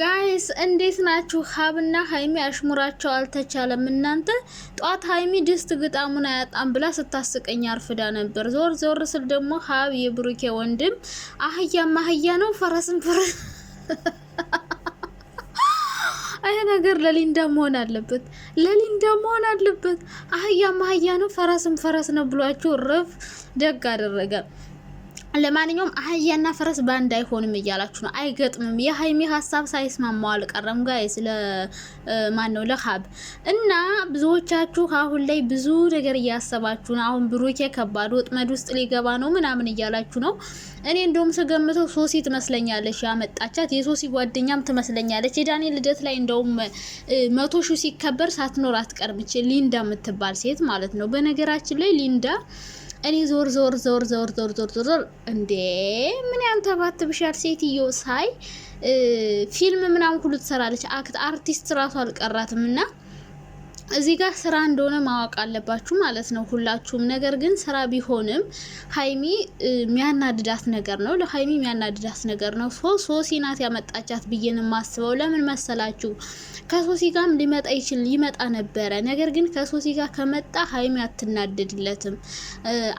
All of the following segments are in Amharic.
ጋይስ እንዴት ናችሁ? ሀብና ሀይሚ አሽሙራቸው አልተቻለም። እናንተ ጧት ሀይሚ ድስት ግጣሙን አያጣም ብላ ስታስቀኝ አርፍዳ ነበር። ዞር ዞር ስል ደግሞ ሀብ የብሩኬ ወንድም አህያም አህያ ነው፣ ፈረስም ፈረስ። ይሄ ነገር ለሊንዳ መሆን አለበት፣ ለሊንዳ መሆን አለበት። አህያ አህያ ነው፣ ፈረስም ፈረስ ነው ብሏችሁ ርፍ ደግ አደረገ። ለማንኛውም አህያና ፈረስ በአንድ አይሆንም እያላችሁ ነው። አይገጥምም። የሀይሚ ሀሳብ ሳይስማማው አልቀረም ጋይስ። ለማን ነው ለሀብ እና ብዙዎቻችሁ አሁን ላይ ብዙ ነገር እያሰባችሁ ነው። አሁን ብሩኬ ከባድ ወጥመድ ውስጥ ሊገባ ነው ምናምን እያላችሁ ነው። እኔ እንደውም ስገምተው ሶሲ ትመስለኛለች ያመጣቻት፣ የሶሲ ጓደኛም ትመስለኛለች። የዳኔ ልደት ላይ እንደውም መቶ ሺህ ሲከበር ሳትኖር አትቀርምች ሊንዳ የምትባል ሴት ማለት ነው። በነገራችን ላይ ሊንዳ እኔ ዞር ዞር ዞር ዞር ዞር ዞር ዞር ዞር እንዴ ምን ያንተባትብሻል ሴትዮ ሳይ ፊልም ምናምን ሁሉ ትሰራለች። አክት አርቲስት ራሱ አልቀራትም እና እዚህ ጋር ስራ እንደሆነ ማወቅ አለባችሁ ማለት ነው ሁላችሁም። ነገር ግን ስራ ቢሆንም ሀይሚ የሚያናድዳት ነገር ነው፣ ለሀይሚ የሚያናድዳት ነገር ነው። ሶ ሶሲ ናት ያመጣቻት ብዬ ማስበው የማስበው። ለምን መሰላችሁ? ከሶሲ ጋርም ሊመጣ ይችል ይመጣ ነበረ። ነገር ግን ከሶሲ ጋር ከመጣ ሀይሚ አትናደድለትም።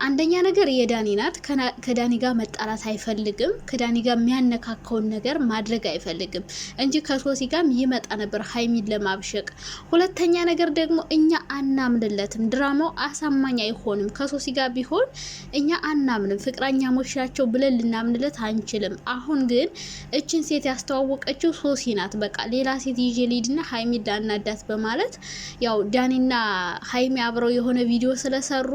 አንደኛ ነገር የዳኒ ናት። ከዳኒ ጋር መጣላት አይፈልግም። ከዳኒ ጋር የሚያነካከውን ነገር ማድረግ አይፈልግም እንጂ ከሶሲ ጋርም ይመጣ ነበር ሀይሚን ለማብሸቅ። ሁለተኛ ነገር ደግሞ እኛ አናምንለትም። ድራማው አሳማኝ አይሆንም። ከሶሲ ጋር ቢሆን እኛ አናምንም፣ ፍቅረኛሞች ናቸው ብለን ልናምንለት አንችልም። አሁን ግን እችን ሴት ያስተዋወቀችው ሶሲ ናት። በቃ ሌላ ሴት ይዤ ልሂድና ሀይሚ ዳናዳት በማለት ያው ዳኒና ሀይሚ አብረው የሆነ ቪዲዮ ስለሰሩ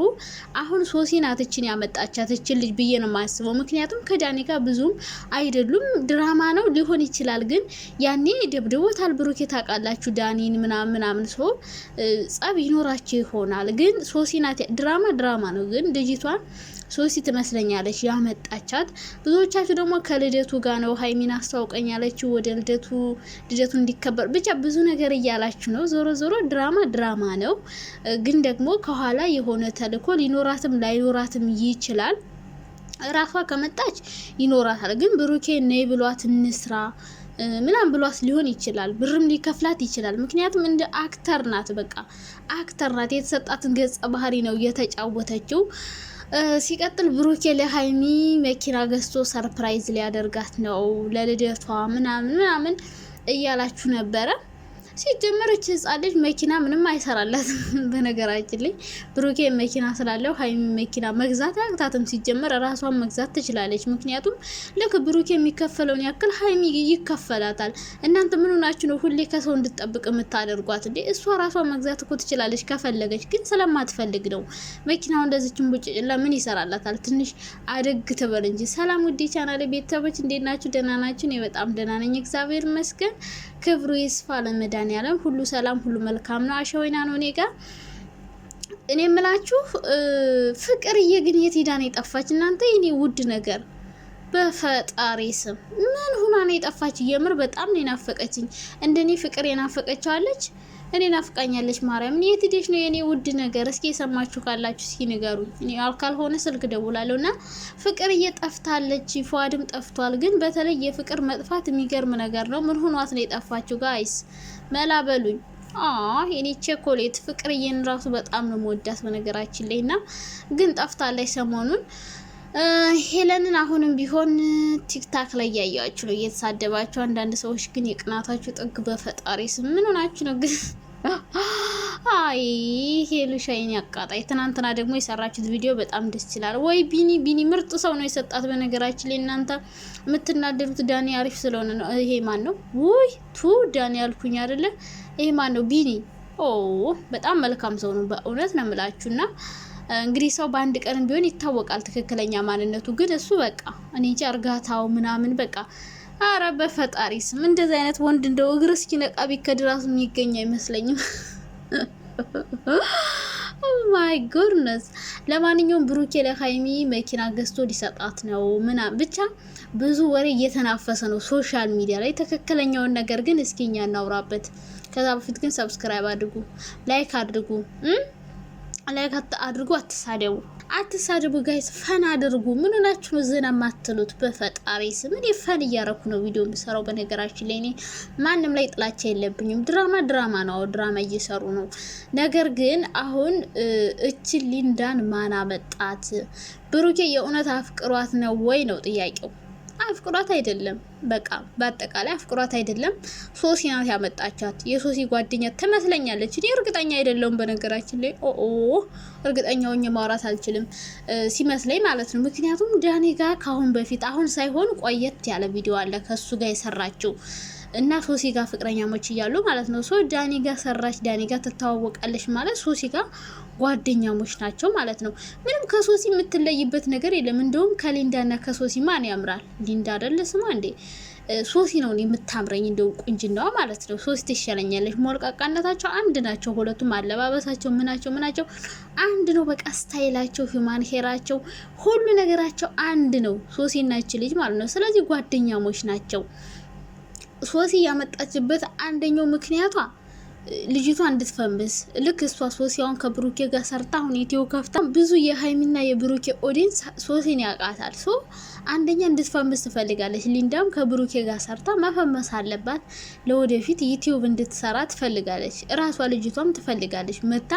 አሁን ሶሲ ናት እችን ያመጣቻት እችን ልጅ ብዬ ነው የማስበው። ምክንያቱም ከዳኒ ጋር ብዙም አይደሉም። ድራማ ነው ሊሆን ይችላል። ግን ያኔ ደብድቦታል ብሩኬ ታውቃላችሁ ዳኒን ምናምን ምናምን ሰው ጸብ ይኖራቸው ይሆናል። ግን ሶሲ ናት። ድራማ ድራማ ነው። ግን ልጅቷን ሶሲ ትመስለኛለች ያመጣቻት። ብዙዎቻችሁ ደግሞ ከልደቱ ጋር ነው ሀይሚን አስታውቀኝ ያለችው ወደ ልደቱ ልደቱ እንዲከበር ብቻ ብዙ ነገር እያላችሁ ነው። ዞሮ ዞሮ ድራማ ድራማ ነው። ግን ደግሞ ከኋላ የሆነ ተልእኮ ሊኖራትም ላይኖራትም ይችላል። ራሷ ከመጣች ይኖራታል። ግን ብሩኬ ነይ ብሏት እንስራ ምናምን ብሏስ ሊሆን ይችላል። ብርም ሊከፍላት ይችላል። ምክንያቱም እንደ አክተር ናት፣ በቃ አክተር ናት። የተሰጣትን ገጸ ባህሪ ነው እየተጫወተችው። ሲቀጥል ብሩኬ ለሀይሚ መኪና ገዝቶ ሰርፕራይዝ ሊያደርጋት ነው ለልደቷ ምናምን ምናምን እያላችሁ ነበረ። ሲጀመረች ህጻን ልጅ መኪና ምንም አይሰራላትም። በነገራችን ላይ ብሩኬ መኪና ስላለው ሀይሚ መኪና መግዛት አያቅታትም። ሲጀመር ራሷን መግዛት ትችላለች። ምክንያቱም ልክ ብሩኬ የሚከፈለውን ያክል ሀይሚ ይከፈላታል። እናንተ ምን ሆናችሁ ነው ሁሌ ከሰው እንድጠብቅ የምታደርጓት እንዴ? እሷ ራሷን መግዛት እኮ ትችላለች ከፈለገች። ግን ስለማትፈልግ ነው። መኪናው እንደዚችን ቡጭጭላ ምን ይሰራላታል? ትንሽ አደግ ትበል እንጂ። ሰላም ውዴ ቻናል ቤተሰቦች እንዴት ናችሁ? ደህና ናችሁ? እኔ በጣም ደህና ነኝ፣ እግዚአብሔር ይመስገን። ክብሩ ይስፋ ለመዳን መድኃኒዓለም ሁሉ ሰላም፣ ሁሉ መልካም ነው። አሸወይና ነው እኔ ጋር እኔ የምላችሁ ፍቅርዬ ግን የት ሄዳ ነው የጠፋች? እናንተ የኔ ውድ ነገር በፈጣሪ ስም ምን ሁና ነው የጠፋች? የምር በጣም ነው የናፈቀችኝ። እንደኔ ፍቅር የናፈቀችዋለች እኔ ናፍቃኛለች ማርያምን። የት ሄደሽ ነው የኔ ውድ ነገር? እስኪ የሰማችሁ ካላችሁ እስኪ ንገሩኝ። እኔ ካልሆነ ስልክ ደውላለሁ እና ፍቅር እየጠፍታለች፣ ፏድም ጠፍቷል። ግን በተለይ የፍቅር መጥፋት የሚገርም ነገር ነው። ምን ሆኗት ነው የጠፋችሁ? ጋይስ መላ በሉኝ። የኔ ቸኮሌት ፍቅርዬን ራሱ በጣም ነው መወዳት በነገራችን ላይ እና ግን ጠፍታለች ሰሞኑን ሄለንን አሁንም ቢሆን ቲክታክ ላይ ያያችሁ ነው እየተሳደባችሁ። አንዳንድ ሰዎች ግን የቅናታችሁ ጥግ በፈጣሪ ስም ምን ሆናችሁ ነው ግን አይ ይሄ ልሻይን ያቃጣይ። ትናንትና ደግሞ የሰራችሁት ቪዲዮ በጣም ደስ ይላል። ወይ ቢኒ ቢኒ ምርጥ ሰው ነው የሰጣት። በነገራችን ላይ እናንተ የምትናደዱት ዳኒ አሪፍ ስለሆነ ነው። ይሄ ማን ነው? ውይ ቱ ዳኒ ያልኩኝ አይደለ? ይሄ ማን ነው? ቢኒ ኦ በጣም መልካም ሰው ነው። በእውነት ነው የምላችሁና እንግዲህ ሰው በአንድ ቀን ቢሆን ይታወቃል ትክክለኛ ማንነቱ። ግን እሱ በቃ እኔ እንጂ እርጋታው ምናምን በቃ አረ በፈጣሪ ስም እንደዚህ አይነት ወንድ እንደው እግር እስኪነቃ ቢከድ ራሱ የሚገኝ አይመስለኝም። ማይ ጉድነስ። oh ለማንኛውም ብሩኬ ለሀይሚ መኪና ገዝቶ ሊሰጣት ነው ምናምን ብቻ ብዙ ወሬ እየተናፈሰ ነው ሶሻል ሚዲያ ላይ። ትክክለኛውን ነገር ግን እስኪ እኛ እናውራበት። ከዛ በፊት ግን ሰብስክራይብ አድርጉ፣ ላይክ አድርጉ። ላይክ አድርጉ። አትሳደቡ፣ አትሳደቡ ጋይስ፣ ፈን አድርጉ። ምን ሆናችሁ ነው ዘና የማትሉት? በፈጣሪ ስም እኔ ፈን እያረኩ ነው ቪዲዮ የምሰራው። በነገራችን ላይ እኔ ማንም ላይ ጥላቻ የለብኝም። ድራማ ድራማ ነው፣ ድራማ እየሰሩ ነው። ነገር ግን አሁን እችን ሊንዳን ማን አመጣት? ብሩኬ የእውነት አፍቅሯት ነው ወይ ነው ጥያቄው። አፍቅሯት አይደለም። በቃ በአጠቃላይ አፍቅሯት አይደለም። ሶሲ ናት ያመጣቻት። የሶሲ ጓደኛ ትመስለኛለች። እኔ እርግጠኛ አይደለውም። በነገራችን ላይ ኦ እርግጠኛ ሆኜ ማውራት አልችልም፣ ሲመስለኝ ማለት ነው። ምክንያቱም ዳኒ ጋር ከአሁን በፊት አሁን ሳይሆን ቆየት ያለ ቪዲዮ አለ ከሱ ጋር የሰራችው እና ሶሲ ጋር ፍቅረኛሞች እያሉ ማለት ነው። ሶ ዳኒ ጋር ሰራች፣ ዳኒ ጋር ትተዋወቃለች ማለት ሶሲ ጋር ጓደኛሞች ናቸው ማለት ነው። ምንም ከሶሲ የምትለይበት ነገር የለም። እንደውም ከሊንዳና ከሶሲ ማን ያምራል? ሊንዳ አደለ ስማ እንዴ ሶሲ ነው የምታምረኝ፣ እንደውም ቁንጅናዋ ማለት ነው። ሶሲ ትሻለኛለች። ሞልቃቃነታቸው አንድ ናቸው ሁለቱም። አለባበሳቸው፣ ምናቸው ምናቸው አንድ ነው። በቃ ስታይላቸው፣ ሂማን ሄራቸው፣ ሁሉ ነገራቸው አንድ ነው። ሶሲ ይች ልጅ ማለት ነው። ስለዚህ ጓደኛሞች ናቸው። ሶሲ ያመጣችበት አንደኛው ምክንያቷ ልጅቷ እንድትፈምስ ልክ እሷ ሶሲያውን ከብሩኬ ጋር ሰርታ ሁኔታው ከፍታ ብዙ የሀይሚና የብሩኬ ኦዲንስ ሶሲን ያውቃታል ሶ አንደኛ እንድትፈምስ ትፈልጋለች። ሊንዳም ከብሩኬ ጋር ሰርታ መፈመስ አለባት። ለወደፊት ዩቲዩብ እንድትሰራ ትፈልጋለች። እራሷ ልጅቷም ትፈልጋለች። መታ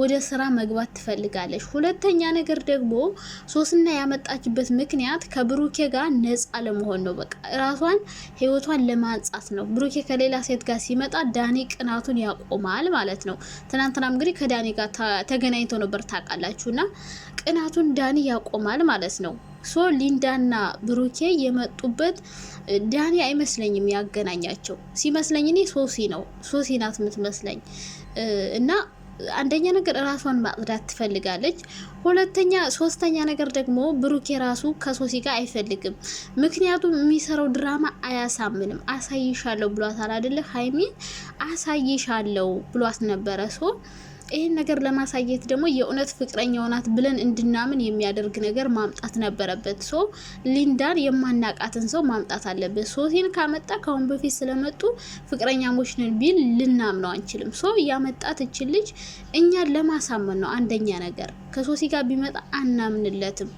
ወደ ስራ መግባት ትፈልጋለች። ሁለተኛ ነገር ደግሞ ሶስና ያመጣችበት ምክንያት ከብሩኬ ጋር ነፃ ለመሆን ነው። በቃ እራሷን ህይወቷን ለማንጻት ነው። ብሩኬ ከሌላ ሴት ጋር ሲመጣ ዳኒ ቅናቱን ያቆማል ማለት ነው። ትናንትናም እንግዲህ ከዳኒ ጋር ተገናኝቶ ነበር ታውቃላችሁና ቅናቱን ዳኒ ያቆማል ማለት ነው። ሶ ሊንዳና ብሩኬ የመጡበት ዳኒ አይመስለኝም ያገናኛቸው። ሲመስለኝ እኔ ሶሲ ነው ሶሲ ናት የምትመስለኝ። እና አንደኛ ነገር ራሷን ማጽዳት ትፈልጋለች። ሁለተኛ ሶስተኛ ነገር ደግሞ ብሩኬ ራሱ ከሶሲ ጋር አይፈልግም። ምክንያቱም የሚሰራው ድራማ አያሳምንም። አሳይሻለሁ ብሏት አላደለ ሀይሚን አሳይሻለሁ ብሏት ነበረ ሶ ይህን ነገር ለማሳየት ደግሞ የእውነት ፍቅረኛው ናት ብለን እንድናምን የሚያደርግ ነገር ማምጣት ነበረበት። ሶ ሊንዳን የማናቃትን ሰው ማምጣት አለበት። ሶሲን ካመጣ ከአሁን በፊት ስለመጡ ፍቅረኛሞች ነን ቢል ልናምነው አንችልም። ሶ ያመጣት እችል ልጅ እኛን ለማሳመን ነው አንደኛ ነገር። ከሶሲ ጋር ቢመጣ አናምንለትም።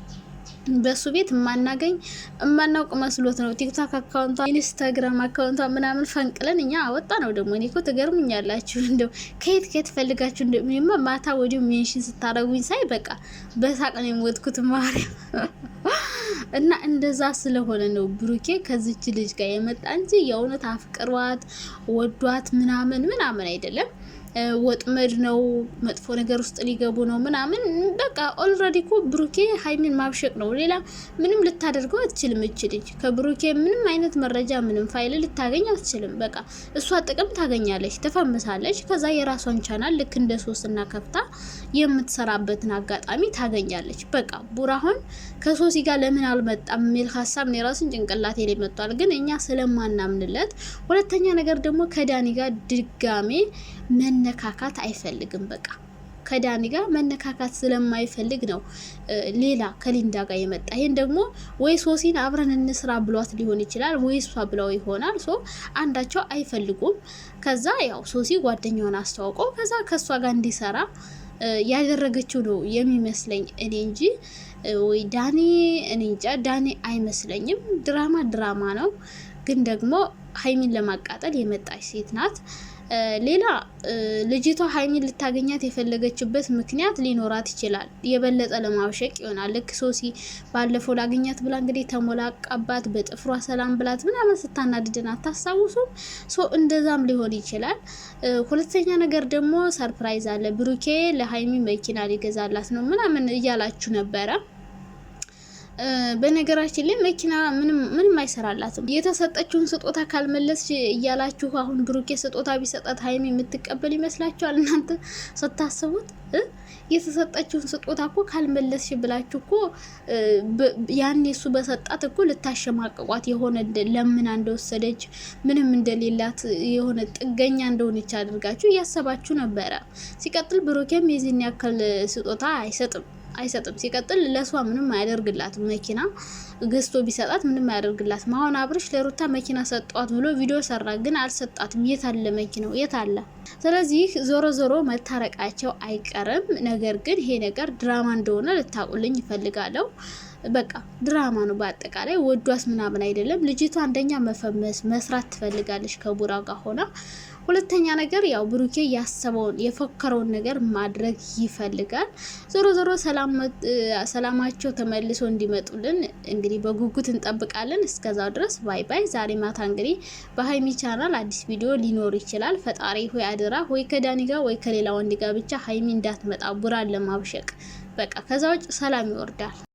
በሱ ቤት የማናገኝ የማናውቅ መስሎት ነው። ቲክቶክ አካውንቷ፣ ኢንስታግራም አካውንቷ ምናምን ፈንቅለን እኛ አወጣ ነው። ደግሞ እኔ እኮ ትገርሙኛላችሁ። እንደው ከየት ከየት ፈልጋችሁ እንደሚማ ማታ ወዲሁ ሜንሽን ስታደረጉኝ ሳይ በቃ በሳቅ ነው የሞትኩት ማርያም። እና እንደዛ ስለሆነ ነው ብሩኬ ከዚች ልጅ ጋር የመጣ እንጂ የእውነት አፍቅሯት ወዷት ምናምን ምናምን አይደለም። ወጥመድ ነው፣ መጥፎ ነገር ውስጥ ሊገቡ ነው ምናምን። በቃ ኦልሬዲ እኮ ብሩኬ ሀይሚን ማብሸቅ ነው። ሌላ ምንም ልታደርገው አትችልም። እች ልጅ ከብሩኬ ምንም አይነት መረጃ ምንም ፋይል ልታገኝ አትችልም። በቃ እሷ ጥቅም ታገኛለች፣ ትፈምሳለች። ከዛ የራሷን ቻናል ልክ እንደ ሶስትና ከፍታ የምትሰራበትን አጋጣሚ ታገኛለች። በቃ ቡራሁን ከሶሲ ጋር ለምን አልመጣም የሚል ሀሳብ ነው የራሱን ጭንቅላቴ ላይ መጥቷል። ግን እኛ ስለማናምንለት፣ ሁለተኛ ነገር ደግሞ ከዳኒ ጋር ድጋሜ መነካካት አይፈልግም። በቃ ከዳኒ ጋር መነካካት ስለማይፈልግ ነው ሌላ ከሊንዳ ጋር የመጣ። ይህን ደግሞ ወይ ሶሲን አብረን እንስራ ብሏት ሊሆን ይችላል፣ ወይ እሷ ብለው ይሆናል። ሶ አንዳቸው አይፈልጉም። ከዛ ያው ሶሲ ጓደኛውን አስተዋውቀው ከዛ ከእሷ ጋር እንዲሰራ ያደረገችው ነው የሚመስለኝ እኔ እንጂ ወይ ዳኒ እኔ እንጃ ዳኒ አይመስለኝም። ድራማ ድራማ ነው፣ ግን ደግሞ ሀይሚን ለማቃጠል የመጣች ሴት ናት። ሌላ ልጅቷ ሀይሚን ልታገኛት የፈለገችበት ምክንያት ሊኖራት ይችላል። የበለጠ ለማብሸቅ ይሆናል። ልክ ሶሲ ባለፈው ላገኛት ብላ እንግዲህ ተሞላቃባት በጥፍሯ ሰላም ብላት ምናምን ስታናድድን አታስታውሱም? ሶ እንደዛም ሊሆን ይችላል። ሁለተኛ ነገር ደግሞ ሰርፕራይዝ አለ። ብሩኬ ለሀይሚ መኪና ሊገዛላት ነው ምናምን እያላችሁ ነበረ በነገራችን ላይ መኪና ምንም አይሰራላትም። የተሰጠችውን ስጦታ ካልመለስሽ እያላችሁ አሁን ብሩኬ ስጦታ ቢሰጣት ሀይሚ የምትቀበል ይመስላችኋል? እናንተ ስታስቡት የተሰጠችውን ስጦታ እኮ ካልመለስሽ ብላችሁ እኮ ያን እሱ በሰጣት እኮ ልታሸማቀቋት የሆነ ለምና እንደወሰደች ምንም እንደሌላት የሆነ ጥገኛ እንደሆነች አድርጋችሁ እያሰባችሁ ነበረ። ሲቀጥል ብሩኬም የዚህን ያክል ስጦታ አይሰጥም። አይሰጥም። ሲቀጥል ለሷ ምንም አያደርግላት መኪና ገዝቶ ቢሰጣት ምንም አያደርግላት። አሁን አብርሽ ለሩታ መኪና ሰጧት ብሎ ቪዲዮ ሰራ፣ ግን አልሰጣትም። የት አለ መኪናው? የት አለ? ስለዚህ ዞሮ ዞሮ መታረቃቸው አይቀርም። ነገር ግን ይሄ ነገር ድራማ እንደሆነ ልታቁልኝ ይፈልጋለሁ። በቃ ድራማ ነው። በአጠቃላይ ወዷስ ምናምን አይደለም። ልጅቷ አንደኛ መፈመስ መስራት ትፈልጋለች ከቡራ ጋር ሆና ሁለተኛ ነገር ያው ብሩኬ ያሰበውን የፎከረውን ነገር ማድረግ ይፈልጋል። ዞሮ ዞሮ ሰላማቸው ተመልሶ እንዲመጡልን እንግዲህ በጉጉት እንጠብቃለን። እስከዛው ድረስ ባይ ባይ። ዛሬ ማታ እንግዲህ በሀይሚ ቻናል አዲስ ቪዲዮ ሊኖር ይችላል። ፈጣሪ ሆይ አደራ፣ ወይ ከዳኒ ጋር ወይ ከሌላ ወንድ ጋር ብቻ ሀይሚ እንዳትመጣ ቡራን ለማብሸቅ በቃ። ከዛ ውጭ ሰላም ይወርዳል።